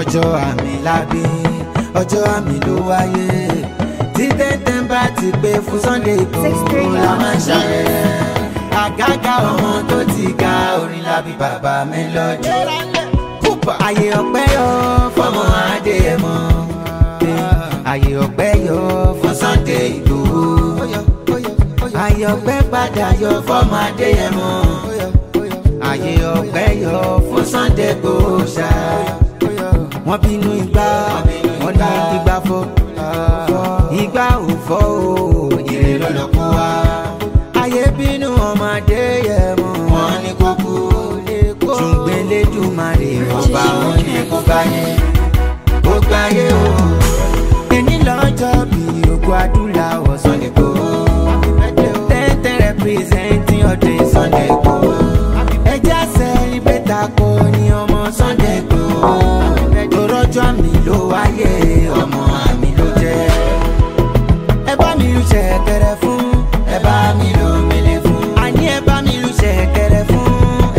ọjọ́ àmì lábí ọjọ́ àmì ló wáyé tí tẹ́ntẹ́n bá ti pé fún Sunday Igboho la máa ń ṣayẹyẹ àgàgà ọmọ tó ti ga orin lábí bàbá mélòdì àyè ọpẹ́ yọ fọmọ Adéyẹmọ àyè ọpẹ́ yọ fún Sunday Igboho àyè ọpẹ́ padà yọ fọmọ Adéyẹmọ àyè ọpẹ́ yọ fún Sunday Igboho ṣáá wọ́n bínú ìgbà wọ́n ní ìgbà fọ́ ìgbà ò fọ́ o ìrè lọ́lọ́ kú wa. ayé bínú ọmọdé yẹ mọ́ wọ́n ní kó kú ṣùgbọ́n lẹ́dùnmáre ọba wọn ní kó gbáyé kó gbáyé o. ẹni lọ́jọ́ bíi ògo adúláwọ̀ Sunday Igboho tẹ́tẹ́ rẹ̀ pírẹ́sẹ̀. jọ́ mi ló wáyé ọmọ àmì ló jẹ́ ẹ bá mi lu ṣẹ̀kẹ̀rẹ̀ fún ẹ bá mi lu mele fún àní ẹ bá mi lu ṣẹ̀kẹ̀rẹ̀ fún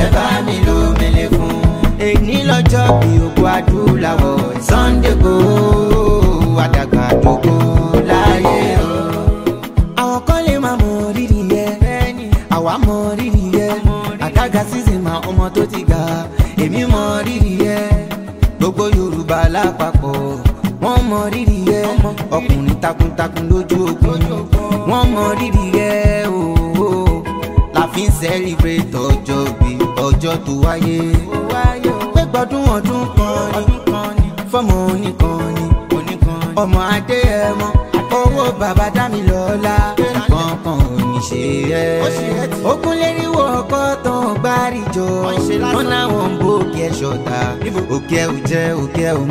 ẹ bá mi lu mele fún èyí lọ́jọ́ bí òkú adúláwọ̀ Sunday go àdàgbà dógó láyé o. àwọn kan lè máa mọ rírì yẹ àwa mọ rírì yẹ àtàgà season máa ọmọ tó ti ga èmi mọ rírì alápapọ̀ wọ́n mọ rírì ẹ ọkùnrin takuntakun lójú ogun wọ́n mọ rírì ẹ ooo la fi ń celebrate ọjọ́ bí ọjọ́ tó wáyé pé gbọdún ọdún kan ni fọmọ oníkan ni ọmọ adé ẹ mọ owó bàbá dá mi lọ́lá kankan ṣe ẹ́ ogun lérí wọ ọkọ tó ń gbárí jọ wọn náwọn ń bó òkè ṣọta òkè ò jẹ òkè ò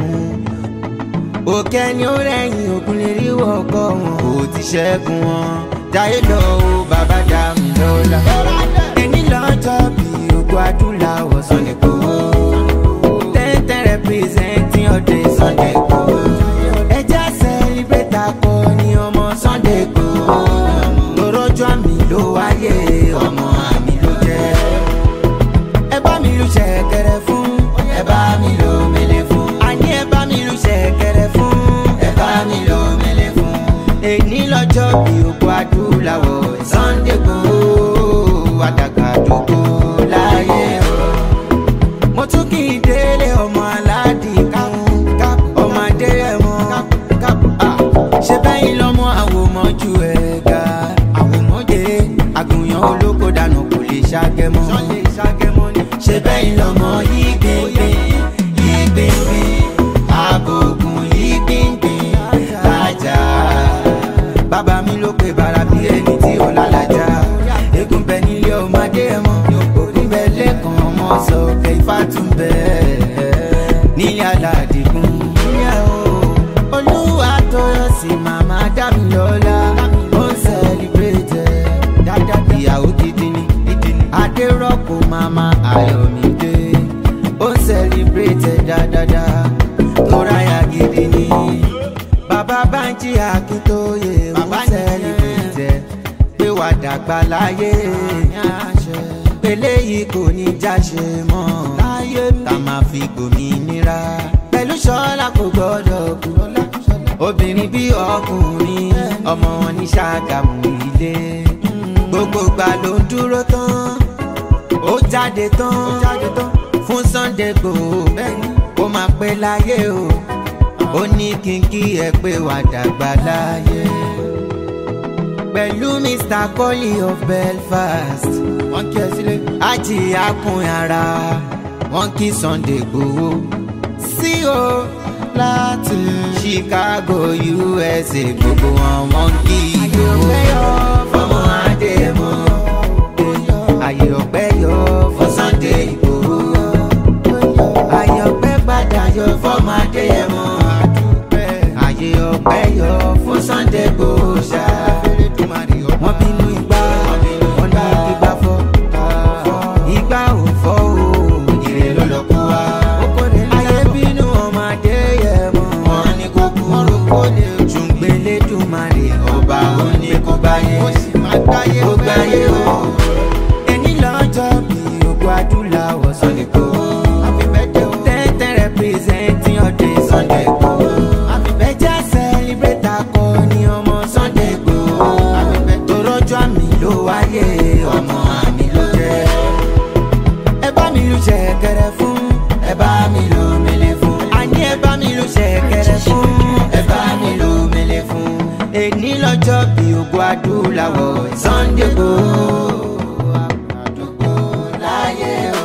òkè ni ó rẹ̀yìn ogun lérí wọ ọkọ wọn kò ti ṣẹ́gun wọn dáyé lọ o bàbá dá mi lọ́la ẹni lọ́jọ́ bí ogun adúláwọ̀ Sunday Igboho tẹ́tẹ́ representing ọdẹ Sunday. bíṣọ́ọ̀bù òkú adúláwọ̀ Sunday Igboho àdàgbà àdógó láyé ọ̀ mo tún kí n délé ọmọ aládì ọmọ adé ẹmọ ah, ṣe bẹ́yìn lọ́mọ àwòmọ́jú ẹ̀ga àwòmọ́jẹ àgùnyàn olóko dànù kò lè ṣàgẹmọ ṣe bẹ́yìn lọ. bàbá mi ló pe bàrà bí ẹni tí ò lálàjà egun bẹ nílé ọmọdé mọ orí bẹ lẹ́kàn ọmọ sọ kẹ ifá tún bẹ nílé aládìgún. olúwa tó yọ sí màmá dámilọ́lá ó ń sẹ́líbrétẹ̀ ìyàwó gidi ni adérọ́pò màmá ayọ̀mídé ó ń sẹ́líbrétẹ̀ dáadáa tó ráyà gidi ni bàbá bá ń jí àkíntó. dàgbà láyé eléyìí kò ní jáṣe mọ́ ká máa fi gbòmìnira pẹ̀lú ṣọ́lá kò gbọ́dọ̀ kú obìnrin bí ọkùnrin ọmọ wọn ní Ṣàgámù ilé hmm. gbogbo gbà ló ń dúró tán ó jáde tán fún Sunday Igboho kó máa pẹ́ láyé o ah. ó ní kí ẹ pé wàá dàgbà láyé pẹ̀lú Mr Colley of Belfast wọ́n kí ẹ sílé àjì akun ara wọ́n kí Sunday Igboho sí o láti Chicago USA gbogbo wọn wọ́n kí Igboho fọmọ adé mọ́ ayé ọpẹ́ yọ fún Sunday Igboho ayé ọpẹ́ padà yọ fọmọ adé yọ. representing your day Sunday go. Happy birthday celebrate ako ni ọmọ Sunday go. Happy birthday tó rọ́jọ́ àmì ló wáyé ọmọ àmì ló jẹ́. Ẹ bá mi lu ṣẹ̀kẹ̀rẹ̀ fún. Ẹ bá mi lu mele fún. A ní ẹ bá mi lu ṣẹ̀kẹ̀rẹ̀ fún. Ẹ bá mi lu mele fún. Èní lọ́jọ́ bí ògo adúláwọ̀ Sunday go. Àdúgbò láyé o.